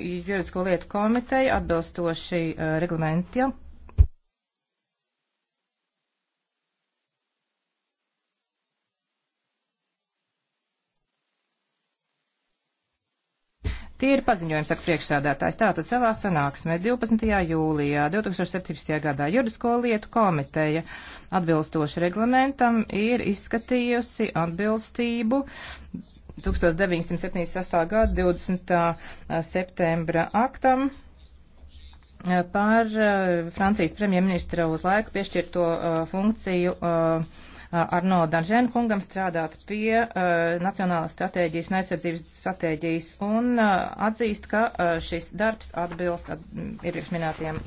juridisko lietu komiteja atbilstoši eh, reglamentiem Tie ir paziņojumi, saka priekšsādātājs. Tātad savā sanāksmē 12. jūlijā 2017. gadā juridisko lietu komiteja atbilstoši reglamentam ir izskatījusi atbilstību 1978. gada 20. septembra aktam par Francijas premjerministra uz laiku piešķirto funkciju Arno Danžēna kungam strādāt pie uh, Nacionālās stratēģijas un aizsardzības stratēģijas un uh, atzīst, ka uh, šis darbs atbilst iepriekš minētajiem.